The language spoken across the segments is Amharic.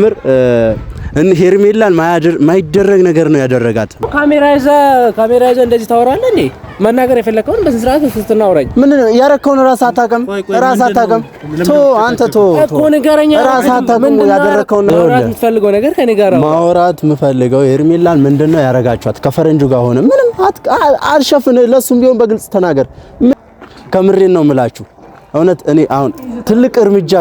ምር ሄርሜላን ማይደረግ ነገር ነው ያደረጋት። ካሜራ ይዘ ካሜራ ይዘ እንደዚህ ታወራለህ እንዴ? መናገር የፈለከውን በዚህ ስርዓት ስትና አውራኝ። ምን ነው ያረከውን? ራስህ አታውቅም፣ ራስህ አታውቅም። ቶ አንተ ቶ እኮ ንገረኛ፣ ራስህ አታውቅም ያደረከውን። ማውራት የምትፈልገው ነገር ከኔ ጋር ማውራት የምፈልገው ሄርሜላን ምንድነው ያረጋችኋት? ከፈረንጁ ጋር ሆነ ምንም አልሸፍን። ለሱም ቢሆን በግልጽ ተናገር። ከምሬን ነው የምላችሁ እውነት። እኔ አሁን ትልቅ እርምጃ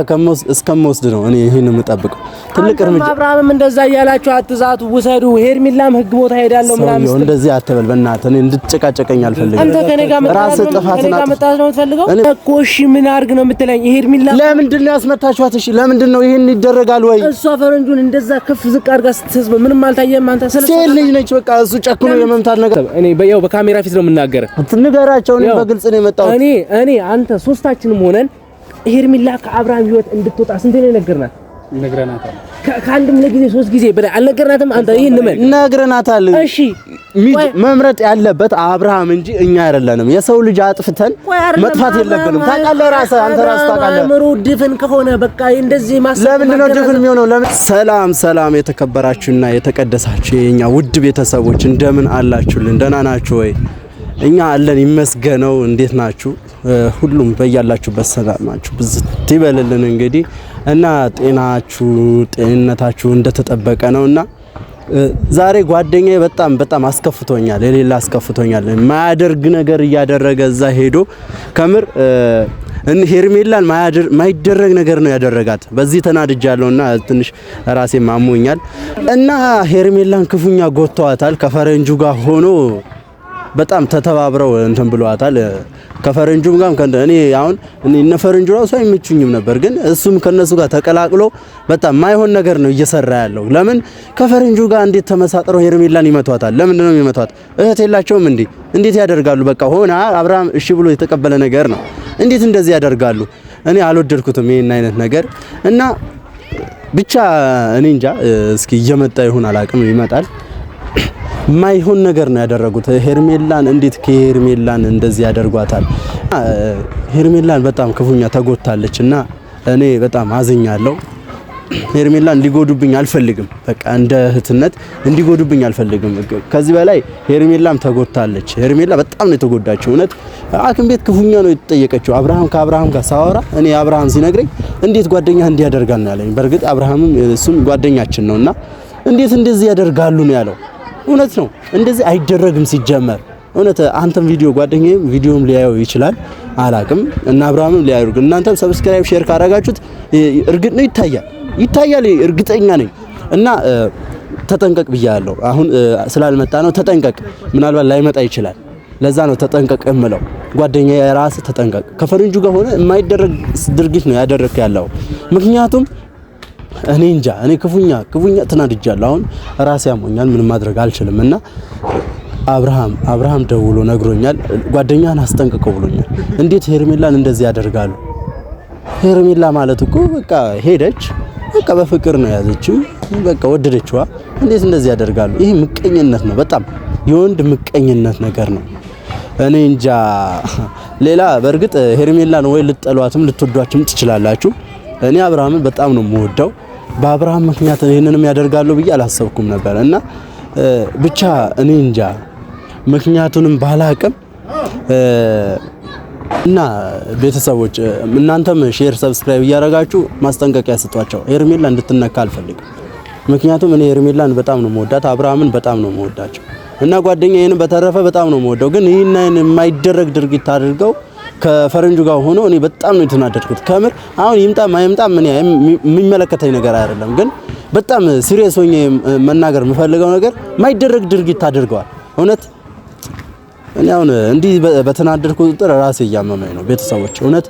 እስከምወስድ ነው እኔ ይሄን የምጠብቀው ትልቅ እርምጃ። አብርሃምም እንደዛ እያላችሁ አትዛቱ፣ ውሰዱ። ሄርሚላም ህግ ቦታ ሄዳለሁ ምናምን ስትል እንደዚህ አትበል። በእናትህ እኔ እንድትጨቃጨቀኝ አልፈልግም። አንተ ከእኔ ጋር ራስህ ጥፋት ነው የምትፈልገው እኮ። እሺ ምን አድርግ ነው የምትለኝ? ሄርሚላ ለምንድን ነው ያስመታችኋት? እሺ ለምንድን ነው ይሄን ይደረጋል ወይ? እሷ ፈረንጁን እንደዛ ከፍ ዝቅ አድርጋ ስትስበ ምንም አልታየም። አንተ ሴት ልጅ ነች። በቃ እሱ ጨክኖ የመምታት ነገር እኔ በያው በካሜራ ፊት ነው የምናገረው። ንገራቸው። እኔ በግልጽ ነው የመጣሁት። እኔ እኔ አንተ ሶስታችንም ሆነን ሄርሚላ ከአብርሃም ህይወት እንድትወጣ ስንት ነው የነገርናት ነግረናታል። ከአንድም ለጊዜ ሶስት ጊዜ ብለህ አልነገርናትም። አንተ ይሄን ምን ነግረናታል? እሺ መምረጥ ያለበት አብርሃም እንጂ እኛ አይደለንም። የሰው ልጅ አጥፍተን መጥፋት የለብንም። ታውቃለህ፣ ራስህ አንተ ራስህ ታውቃለህ። ምሩ ድፍን ከሆነ በቃ እንደዚህ ማሰብ ለምንድን ነው ድፍን የሚሆነው? ለምን? ሰላም ሰላም፣ የተከበራችሁና የተቀደሳችሁ የኛ ውድ ቤተሰቦች እንደምን አላችሁልን? ደህና ናችሁ ወይ? እኛ አለን ይመስገነው። እንዴት ናችሁ? ሁሉም በያላችሁበት ሰላማችሁ ብዝት ይበልልን። እንግዲህ እና ጤናችሁ ጤንነታችሁ እንደተጠበቀ ነው። እና ዛሬ ጓደኛዬ በጣም በጣም አስከፍቶኛል፣ የሌላ አስከፍቶኛል። ማያደርግ ነገር እያደረገ እዛ ሄዶ ከምር ሄርሜላን ማይደረግ ነገር ነው ያደረጋት። በዚህ ተናድጃለሁና ትንሽ ራሴ ማሞኛል። እና ሄርሜላን ክፉኛ ጎተዋታል። ከፈረንጁ ጋር ሆኖ በጣም ተተባብረው እንትን ብለዋታል። ከፈረንጁም ጋር እኔ አሁን እነ ፈረንጁ ራሱ አይመቹኝም ነበር፣ ግን እሱም ከነሱ ጋር ተቀላቅሎ በጣም ማይሆን ነገር ነው እየሰራ ያለው። ለምን ከፈረንጁ ጋር እንዴት ተመሳጥረው ሄርሜላን ይመቷታል? ለምንድን ነው የሚመቷት? እህት የላቸውም እንዴ? እንዴት ያደርጋሉ? በቃ ሆነ አብርሃም እሺ ብሎ የተቀበለ ነገር ነው። እንዴት እንደዚህ ያደርጋሉ? እኔ አልወደድኩትም ይሄን አይነት ነገር እና ብቻ እኔ እንጃ። እስኪ እየመጣ ይሁን አላቅም፣ ይመጣል ማይሆን ነገር ነው ያደረጉት። ሄርሜላን እንዴት ከሄርሜላን እንደዚህ ያደርጓታል? ሄርሜላን በጣም ክፉኛ ተጎድታለች እና እኔ በጣም አዝኛለሁ። ሄርሜላን እንዲጎዱብኝ አልፈልግም። በቃ እንደ እህትነት እንዲጎዱብኝ አልፈልግም። ከዚህ በላይ ሄርሜላም ተጎድታለች። ሄርሜላ በጣም ነው የተጎዳችው። እውነት አክም ቤት ክፉኛ ነው የተጠየቀችው። አብርሃም ከአብርሃም ጋር ሳወራ እኔ አብርሃም ሲነግረኝ እንዴት ጓደኛ እንዲያደርጋል ነው ያለኝ። በእርግጥ አብርሃምም እሱም ጓደኛችን ነውና እንዴት እንደዚህ ያደርጋሉ ነው ያለው እውነት ነው። እንደዚህ አይደረግም ሲጀመር እውነት አንተም ቪዲዮ ጓደኛዬ ቪዲዮም ሊያየው ይችላል፣ አላቅም እና አብርሃምም ሊያዩ እናንተም ሰብስክራይብ ሼር ካረጋችሁት እርግጥ ነው ይታያል፣ ይታያል እርግጠኛ ነኝ እና ተጠንቀቅ ብያለሁ። አሁን ስላልመጣ ነው ተጠንቀቅ። ምናልባት ላይመጣ ይችላል። ለዛ ነው ተጠንቀቅ እምለው። ጓደኛ ራስ ተጠንቀቅ። ከፈረንጁ ጋር ሆነ የማይደረግ ድርጊት ነው ያደረክ ያለው ምክንያቱም እኔ እንጃ እኔ ክፉኛ ክፉኛ ተናድጃለሁ። አሁን ራሴ ያሞኛል፣ ምንም ማድረግ አልችልም። እና አብርሃም አብርሃም ደውሎ ነግሮኛል፣ ጓደኛህን አስጠንቅቀው ብሎኛል። እንዴት ሄርሜላን እንደዚህ ያደርጋሉ? ሄርሜላ ማለት እኮ በቃ ሄደች፣ በቃ በፍቅር ነው ያዘችው፣ በቃ ወደደችዋ። እንዴት እንደዚህ ያደርጋሉ? ይሄ ምቀኝነት ነው፣ በጣም የወንድ ምቀኝነት ነገር ነው። እኔ እንጃ ሌላ። በእርግጥ ሄርሜላን ወይ ልጠሏትም ልትወዷትም ትችላላችሁ እኔ አብርሃምን በጣም ነው የምወደው። በአብርሃም ምክንያት ይህንንም ያደርጋለሁ ብዬ አላሰብኩም ነበር እና ብቻ እኔ እንጃ ምክንያቱንም ባላቅም እና ቤተሰቦች እናንተም ሼር፣ ሰብስክራይብ እያደረጋችሁ ማስጠንቀቂያ ስጧቸው። ሄርሜላ እንድትነካ አልፈልግም። ምክንያቱም እኔ ሄርሜላን በጣም ነው መወዳት፣ አብርሃምን በጣም ነው መወዳቸው እና ጓደኛዬን በተረፈ በጣም ነው መወደው። ግን ይህን የማይደረግ ድርጊት አድርገው ከፈረንጁ ጋር ሆኖ እኔ በጣም ነው የተናደድኩት። ከምር አሁን ይምጣ ማይምጣ ምን የሚመለከተኝ ነገር አይደለም፣ ግን በጣም ሲሪየስ ሆኜ መናገር የምፈልገው ነገር ማይደረግ ድርጊት ታደርገዋል። እውነት እኔ አሁን እንዲህ በተናደድኩ ቁጥር ራሴ እያመመኝ ነው ቤተሰቦች፣ እውነት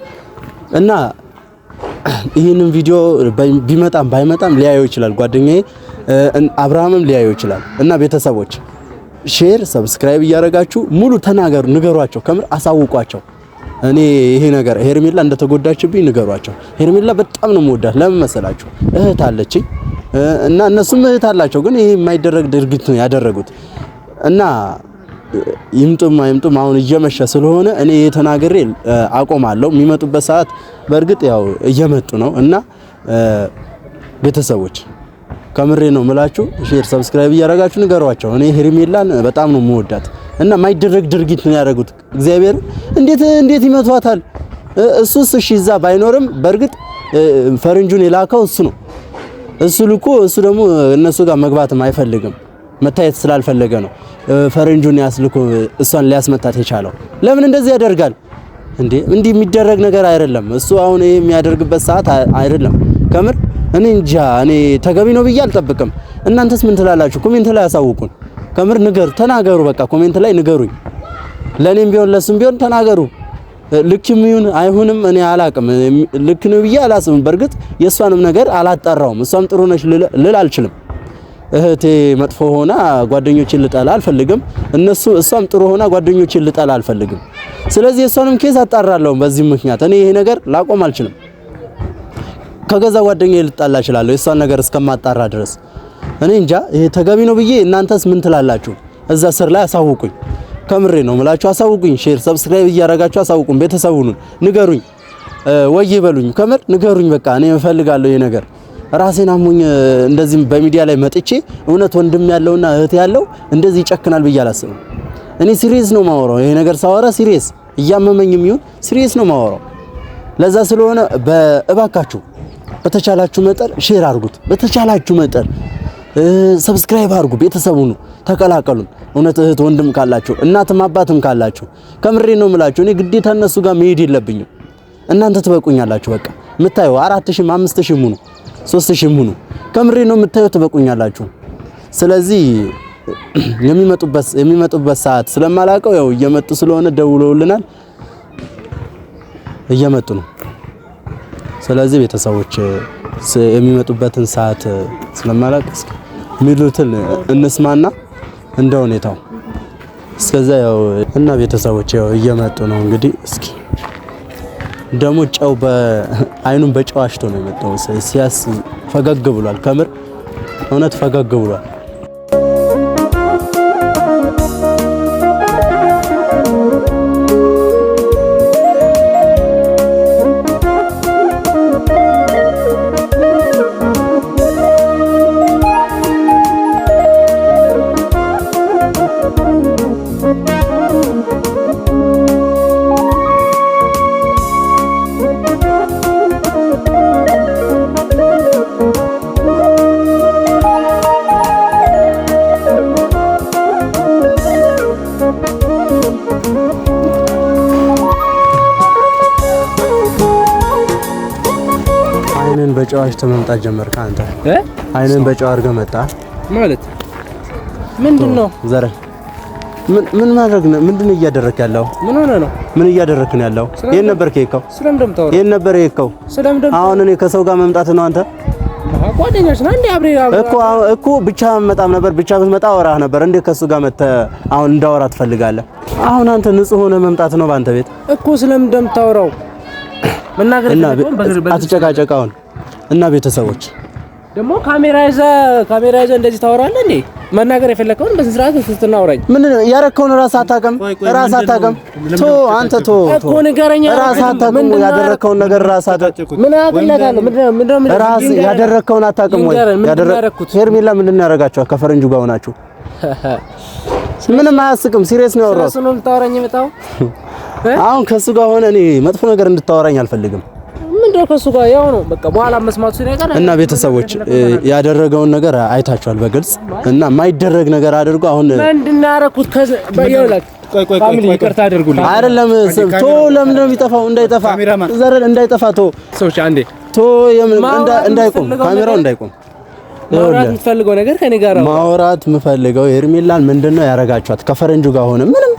እና ይህንን ቪዲዮ ቢመጣም ባይመጣም ሊያዩ ይችላል ጓደኛዬ አብርሃምም ሊያዩ ይችላል እና ቤተሰቦች ሼር፣ ሰብስክራይብ እያደረጋችሁ ሙሉ ተናገሩ፣ ንገሯቸው፣ ከምር አሳውቋቸው። እኔ ይሄ ነገር ሄርሜላ እንደተጎዳችብኝ ንገሯቸው። ሄርሜላ በጣም ነው የምወዳት። ለምን መሰላችሁ? እህት አለችኝ እና እነሱም እህት አላቸው። ግን ይሄ የማይደረግ ድርጊት ነው ያደረጉት እና ይምጡም አይምጡም አሁን እየመሸ ስለሆነ እኔ የተናገሬ አቆማለሁ። የሚመጡበት ሰዓት በእርግጥ ያው እየመጡ ነው እና ቤተሰቦች ከምሬ ነው ምላችሁ፣ ሼር ሰብስክራይብ እያደረጋችሁ ንገሯቸው። እኔ ሄርሜላን በጣም ነው የምወዳት። እና የማይደረግ ድርጊት ነው ያደረጉት። እግዚአብሔር እንዴት እንዴት ይመቷታል? እሱስ እሺ እዛ ባይኖርም በእርግጥ ፈረንጁን የላከው እሱ ነው። እሱ ልኮ እሱ ደግሞ እነሱ ጋር መግባትም አይፈልግም መታየት ስላልፈለገ ነው ፈረንጁን ያስልኮ እሷን ሊያስመታት የቻለው። ለምን እንደዚህ ያደርጋል እንዴ? እንዲህ የሚደረግ ነገር አይደለም። እሱ አሁን ይሄ የሚያደርግበት ሰዓት አይደለም። ከምር እኔ እንጃ። እኔ ተገቢ ነው ብዬ አልጠብቅም። እናንተስ ምን ትላላችሁ? ኮሜንት ላይ ያሳውቁን። ከምር ንገሩ፣ ተናገሩ። በቃ ኮሜንት ላይ ንገሩኝ። ለኔም ቢሆን ለሱም ቢሆን ተናገሩ። ልክም ይሁን አይሁንም እኔ አላቅም። ልክ ነው ብዬ አላስብም። በእርግጥ የእሷንም ነገር አላጠራውም እሷም ጥሩ ነች ልል አልችልም። እህቴ መጥፎ ሆና ጓደኞችን ልጠላ አልፈልግም። እነሱ እሷም ጥሩ ሆና ጓደኞችን ልጠላ አልፈልግም። ስለዚህ እሷንም ኬስ አጣራለሁ። በዚህ ምክንያት እኔ ይሄ ነገር ላቆም አልችልም። ከገዛ ጓደኛ ልጣላ እችላለሁ የእሷን ነገር እስከማጣራ ድረስ እኔ እንጃ ይሄ ተገቢ ነው ብዬ እናንተስ ምን ትላላችሁ? እዛ ስር ላይ አሳውቁኝ። ከምሬ ነው ምላችሁ አሳውቁኝ። ሼር፣ ሰብስክራይብ እያረጋችሁ አሳውቁኝ። ቤተሰቡን ንገሩኝ፣ ወይ ይበሉኝ። ከምር ንገሩኝ። በቃ እኔ እፈልጋለሁ ይሄ ነገር ራሴን አሞኝ እንደዚህ በሚዲያ ላይ መጥቼ እውነት ወንድም ያለውና እህት ያለው እንደዚህ ይጨክናል ብዬ አላስብም። እኔ ሲሪየስ ነው ማወራው። ይሄ ነገር ሳወራ ሲሪየስ እያመመኝም ይሁን ሲሪየስ ነው ማወራው። ለዛ ስለሆነ በእባካችሁ በተቻላችሁ መጠን ሼር አድርጉት። በተቻላችሁ መጠን ሰብስክራይብ አድርጉ፣ ቤተሰቡ ነው ተቀላቀሉን። እውነት እህት ወንድም ካላችሁ እናትም አባትም ካላችሁ ከምሬ ነው የምላችሁ። እኔ ግዴታ እነሱ ጋር መሄድ የለብኝም። እናንተ ትበቁኛላችሁ። በቃ ምታዩ አራት ሺህም አምስት ሺህም ሁኑ ሶስት ሺህም ሁኑ ከምሬ ነው የምታዩ ትበቁኛላችሁ። ስለዚህ የሚመጡበት የሚመጡበት ሰዓት ስለማላውቀው ያው እየመጡ ስለሆነ ደውለውልናል፣ እየመጡ ነው። ስለዚህ ቤተሰቦች የሚመጡበትን ሰዓት ስለማላውቅ ሚሉትን እንስማና እንደ ሁኔታው እስከዛ ያው እና ቤተሰቦች ያው እየመጡ ነው እንግዲህ። እስኪ ደግሞ ጨው በአይኑን በጨው አሽቶ ነው የመጣው። ሲያስ ፈገግ ብሏል። ከምር እውነት ፈገግ ብሏል። ጨዋሽ ተመምጣት ጀመርክ አንተ እ አይነን በጨዋ አድርገህ መጣ ማለት ምንድን ነው? ዘረ ምን ማድረግ ነው? ምንድን ነው እያደረክ ያለው? ምን ሆነ ነው? ምን እያደረክ ነው ያለው? ይሄን ነበር ከይከው ይሄን ነበር የሄድከው። አሁን እኔ ከሰው ጋር መምጣት ነው አንተ ጓደኛሽ ነው እንዴ? አብሬ እኮ እኮ ብቻ መጣም ነበር ብቻ ብትመጣ አወራህ ነበር። እንዴ ከሱ ጋር መጣ አሁን እንዳወራ ትፈልጋለህ? አሁን አንተ ንጹህ ሆነ መምጣት ነው ባንተ ቤት እኮ ስለምን እንደምታወራው መናገር አትጨቃጨቅ እና ቤተሰቦች ደግሞ ካሜራ ይዘህ ካሜራ ይዘህ እንደዚህ ታወራለህ እንዴ? መናገር የፈለከውን በስነ ስርዓት ስስት እናውራኝ። ምን ያረከውን ራስ አታውቅም፣ ራስ አታውቅም። ቶ አንተ ቶ እኮ ንገረኛ። ራስህ አታውቅም ያደረከውን ነገር ራስ አታውቅም። ምን አቅለታለሁ? ምን ነው ራስህ ያደረከውን አታውቅም ወይ? ያደረኩት ሄርሜላ ምንድን ነው ያደረጋችኋል? ከፈረንጁ ጋር ሆናችሁ ምንም አያስቅም። ሲሪየስ ነው ነው ያወራው። አሁን ከእሱ ጋር ሆነ እኔ መጥፎ ነገር እንድታወራኝ አልፈልግም። ምንድነው ከሱ ጋር ያው ነው በቃ በኋላ መስማቱ ሲነቀር እና ቤተሰቦች ያደረገውን ነገር አይታችኋል በግልጽ እና የማይደረግ ነገር አድርጎ አሁን ምንድነው ያደረኩት በየውለት ይቅርታ አድርጉልኝ አይደለም ቶ ለምን ነው የሚጠፋው እንዳይጠፋ ዘረን እንዳይጠፋ ቶ ሰዎች አንዴ ቶ እንዳይቆም ካሜራው እንዳይቆም ማውራት የምትፈልገው ነገር ከኔ ጋር ማውራት የምፈልገው ሄርሜላን ምንድነው ያደረጋችኋት? ከፈረንጁ ጋር ሆነ ምንም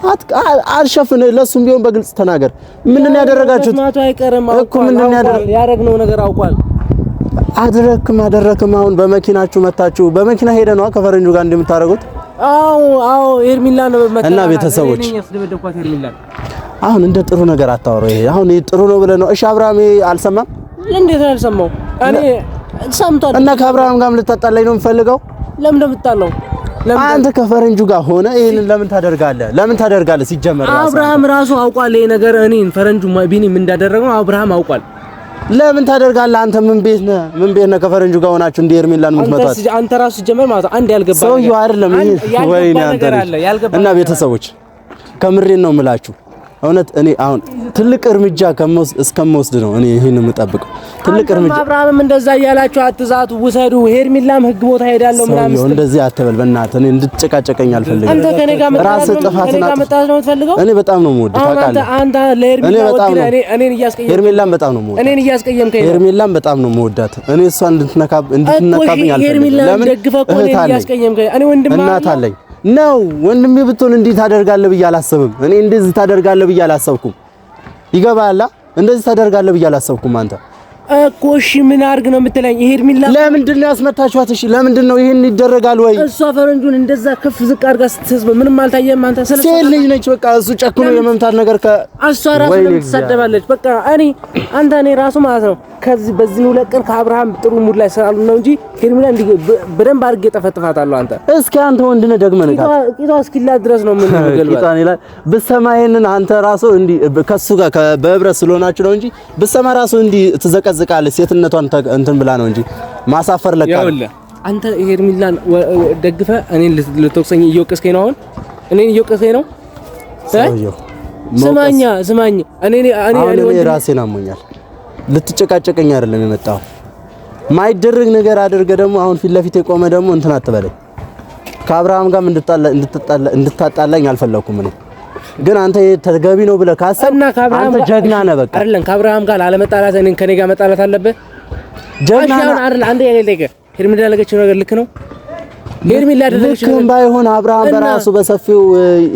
አልሸፍን። ለሱም ቢሆን በግልጽ ተናገር። ምንድነው ያደረጋችሁት ማቱ አይቀርም እኮ? ምንድነው ያደረግነው ነገር አውቋል። አድረክም አደረክም። አሁን በመኪናችሁ መታችሁ፣ በመኪና ሄደ ነው ከፈረንጁ ጋር እንደምታደርጉት። አዎ አዎ፣ ሄርሜላ ነው እና ቤተሰቦች አሁን እንደ ጥሩ ነገር አታወሩ። ይሄ አሁን ጥሩ ነው ብለህ ነው እሺ? አብርሃም አልሰማም። እንዴት አልሰማው እኔ ሰምቷል። እና ከአብርሃም ጋርም ልታጣላኝ ነው የምፈልገው። ለምን እንደምጣለው አንተ ከፈረንጁ ጋር ሆነ ይሄንን ለምን ታደርጋለህ? ለምን ታደርጋለህ? ሲጀመር አብርሃም ራሱ አውቋል ይሄ ነገር እኔን ፈረንጁ ቢኒ ምን እንዳደረገው አብርሃም አውቋል። ለምን ታደርጋለህ? አንተ ምን ቤት ነህ? ምን ቤት ነህ? ከፈረንጁ ጋር ሆናችሁ እንደ ኤርሚላን የምትመጣት አንተ ራሱ ሲጀመር ማለት አንድ ያልገባ ሰውዬው አይደለም ይሄ ወይ እና ቤተሰቦች ከምሬን ነው የምላችሁ እውነት እኔ አሁን ትልቅ እርምጃ ከመውስ እስከምወስድ ነው እኔ ይሄን የምጠብቀው። ትልቅ እርምጃ አብርሃምም እንደዛ እያላችሁ አትዛቱ፣ ውሰዱ። ሄርሚላም ህግ ቦታ ሄዳለሁ ምናምን ነው። እንደዚህ አትበል በእናትህ። እኔ እንድትጨቃጨቀኝ አልፈልግም። አንተ ከኔ ጋር መጣስ ነው ነው የምትፈልገው? እኔ በጣም ነው የምወድህ ታውቃለህ። አንተ ለሄርሚላ ወኪል እኔ እኔን እያስቀየምከኝ ሄርሚላም በጣም ነው የምወዳት። እኔን እያስቀየምከኝ ሄርሚላም በጣም ነው የምወዳት። እኔ እሷ እንድትነካብ እንድትነካብኝ አልፈልግም። ለምን ደግፈህ እኮ እኔን እያስቀየምከኝ እኔ ወንድምህ እናት አለኝ ነው ወንድሜ ብትሆን እንዲህ ታደርጋለህ ብዬ አላሰብም። እኔ እንደዚህ ታደርጋለህ ብዬ አላሰብኩም። ይገባላ? እንደዚህ ታደርጋለህ ብዬ አላሰብኩም አንተ እኮ እሺ ምን አድርግ ነው የምትለኝ? ሄርሚላ ለምንድን ነው ያስመታችኋት? እሺ ለምንድን ነው ይሄን ይደረጋል ወይ? እሷ ፈረንጁን እንደዛ ከፍ ዝቅ አድርጋ ስትስብ ምንም አልታየም። አንተ ሰለሰ ሴት ልጅ ነች። በቃ እሱ ጨክኖ የመምታት ነገር ከ እሷ ራሱ ትሳደባለች። በቃ እኔ አንተ እኔ ራሱ ማለት ነው ከዚህ በዚህ ሁለት ቀን ከአብርሃም ጥሩ ሙድ ላይ ስላሉ ነው እንጂ ሄርሚላ እንዲህ በደንብ አድርጌ ጠፈጥፋታለሁ። አንተ እስኪ አንተ ወንድ ነህ ደግመህ ነው ቂጧ እስኪላት ድረስ ነው ምን ነው ቂጧን ላይ ብትሰማ ይሄንን አንተ ራሱ እንዲህ ከሱ ጋር በህብረት ስለሆናችሁ ነው እንጂ ብትሰማ ራሱ እንዲህ ትዘቀ ትዘቀዝቃለች። ሴትነቷን እንትን ብላ ነው እንጂ ማሳፈር ለካ አንተ ሄርሜላን ደግፈ እኔን ልትወቅሰኝ እየወቀስከኝ ነው። አሁን እኔን እየወቀስከኝ ነው። ስማኛ ስማኝ፣ እኔ እኔ እኔ ራሴን አሞኛል። ልትጨቃጨቀኝ አይደለም የመጣው ማይደረግ ነገር አድርገ ደግሞ አሁን ፊት ለፊት የቆመ ደግሞ እንትን አትበለኝ። ከአብርሃም ጋር እንድታጣላኝ አልፈለኩም እኔ ግን አንተ ተገቢ ነው ብለህ ካሰብክ አንተ ጀግና ነህ። በቃ አይደለም ከአብርሃም ጋር አለመጣላት እኔን ከኔ ጋር መጣላት አለብህ። ጀግና ነህ አይደል? አንዴ ሄርሜላ ያደረገችው ነገር ልክ ነው። ሄርሜላ ያደረገችው ልክ ባይሆን አብርሃም በራሱ በሰፊው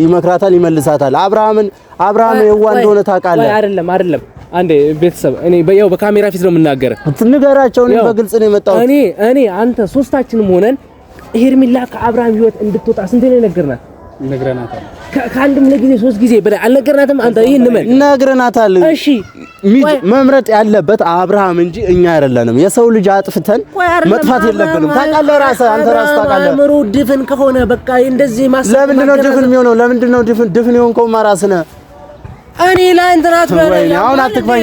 ይመክራታል፣ ይመልሳታል። አብርሃምን አብርሃም የዋ እንደሆነ ታውቃለህ። አይደለም አይደለም አንዴ ቤተሰብ እኔ በያው በካሜራ ፊት ነው የምናገረው። ንገራቸው። ነው በግልጽ ነው የመጣሁት። እኔ እኔ አንተ ሶስታችንም ሆነን ሄርሜላ ከአብርሃም ህይወት እንድትወጣ ስንቴ ነው የነገርናት? ነግረናታል። ከአንድም ለጊዜ ሶስት ጊዜ በላይ አልነገርናትም። አንተ ነግረናታል? እሺ መምረጥ ያለበት አብርሃም እንጂ እኛ አይደለንም። የሰው ልጅ አጥፍተን መጥፋት የለብንም። ታውቃለህ፣ ራስህ አንተ ራስህ ታውቃለህ። አእምሮ ድፍን ከሆነ በቃ እንደዚህ ለምንድን ነው ድፍን የሚሆነው? ለምንድን ነው ድፍን ድፍን እኔ ላይ እንትናት አሁን አትክፋኝ።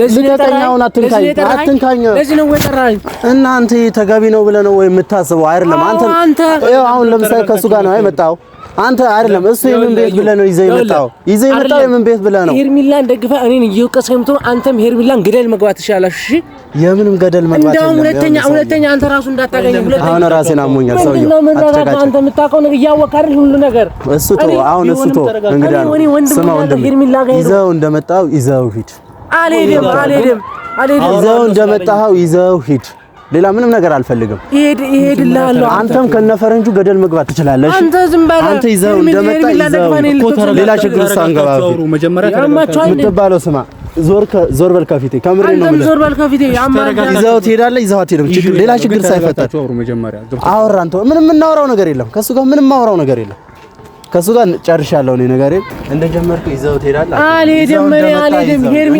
ልቀጠኛውን አትንካኝ አትንካኝ። እናንተ ተገቢ ነው ብለህ ነው ወይ የምታስበው? አይደለም አንተ አሁን ለምሳሌ ከእሱ ጋር ነው የመጣው አንተ አይደለም እሱ የምን ቤት ብለህ ነው ይዘህ የመጣው? ይዘህ የመጣው የምን ቤት ብለህ ነው? ሄርሚላን ደግፈህ እኔን እየወቀስከኝ የምትሆን አንተም ሄርሚላን ገደል መግባት ትችላለህ። እሺ፣ የምንም ገደል መግባት እንደውም ሁለተኛ ሁለተኛ አንተ ራሱ እንዳታገኝ። ሁለተኛ አሁን ራሴን አሞኛል። ሰውዬው ምንድነው የምናደርገው? አንተ የምታውቀው ነገር እያወቅህ አይደል ሁሉ ነገር። እሱ ተወው አሁን፣ እሱ ተወው እንግዲህ። ስማ ወንድም፣ ይዘኸው እንደመጣው ይዘኸው ሂድ አልሄድም፣ አልሄድም፣ አልሄድም። ይዘው እንደመጣኸው ይዘው ሂድ። ሌላ ምንም ነገር አልፈልግም። ይሄድ ይሄድልሃል። አንተም ከነፈረንጁ ገደል መግባት ትችላለህ። እሺ አንተ ዝም በል። አንተ ይዘው እንደመጣ ሌላ ችግር ውስጥ አንገባ። የምትባለው ስማ ዞር ዞር በል ከፊቴ ከምሬ ነው የምልህ። ዞር በል ከፊቴ ይዘው ትሄዳለህ፣ ይዘው አትሄድም። ችግር ሌላ ችግር ሳይፈጠር አወራ። አንተ ምንም የምናወራው ነገር የለም ከእሱ ጋር ምንም የማወራው ነገር የለም። ከሱ ጋር ጨርሻለሁ እኔ ነገሬ። እንደጀመርኩ ይዘው ትሄዳለህ። አልሄድም፣ አልሄድም።